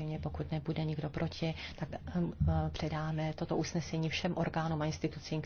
Samozřejmě pokud nebude nikdo proti, tak hm, eh, předáme toto usnesení všem orgánům a institucím,